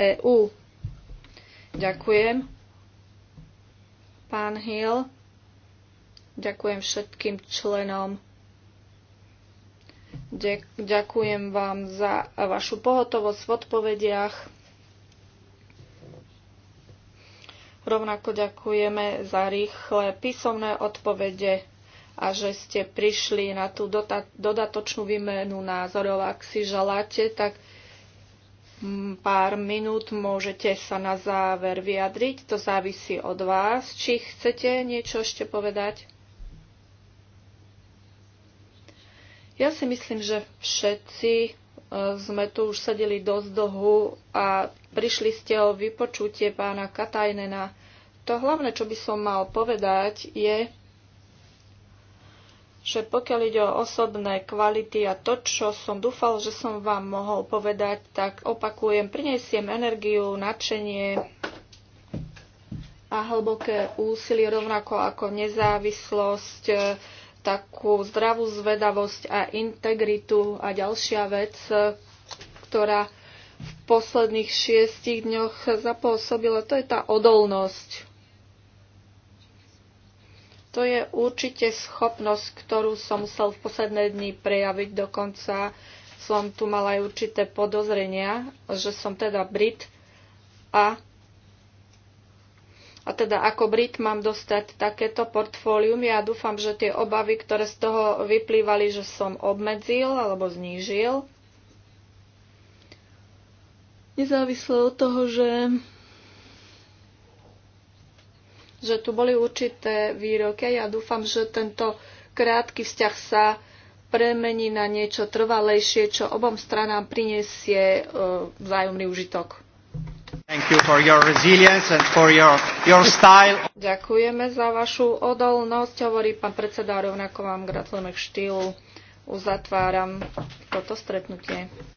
EÚ. Ďakujem. Pán Hill, ďakujem všetkým členom. Ďakujem vám za vašu pohotovosť v odpovediach. Rovnako ďakujeme za rýchle písomné odpovede a že ste prišli na tú dodatočnú výmenu názorov. Ak si želáte, tak pár minút môžete sa na záver vyjadriť. To závisí od vás. Či chcete niečo ešte povedať? Ja si myslím, že všetci e, sme tu už sedeli dosť dlhu a prišli ste o vypočutie pána Katajnena. To hlavné, čo by som mal povedať, je, že pokiaľ ide o osobné kvality a to, čo som dúfal, že som vám mohol povedať, tak opakujem, prinesiem energiu, nadšenie a hlboké úsilie, rovnako ako nezávislosť, e, takú zdravú zvedavosť a integritu. A ďalšia vec, e, ktorá v posledných šiestich dňoch zapôsobila, to je tá odolnosť to je určite schopnosť, ktorú som musel v posledné dni prejaviť. Dokonca som tu mala aj určité podozrenia, že som teda Brit a, a teda ako Brit mám dostať takéto portfólium. Ja dúfam, že tie obavy, ktoré z toho vyplývali, že som obmedzil alebo znížil, nezávisle od toho, že že tu boli určité výroky. Ja dúfam, že tento krátky vzťah sa premení na niečo trvalejšie, čo obom stranám prinesie e, vzájomný užitok. You your your, your Ďakujeme za vašu odolnosť, hovorí pán predseda, rovnako vám gratulujeme k štýlu. Uzatváram toto stretnutie.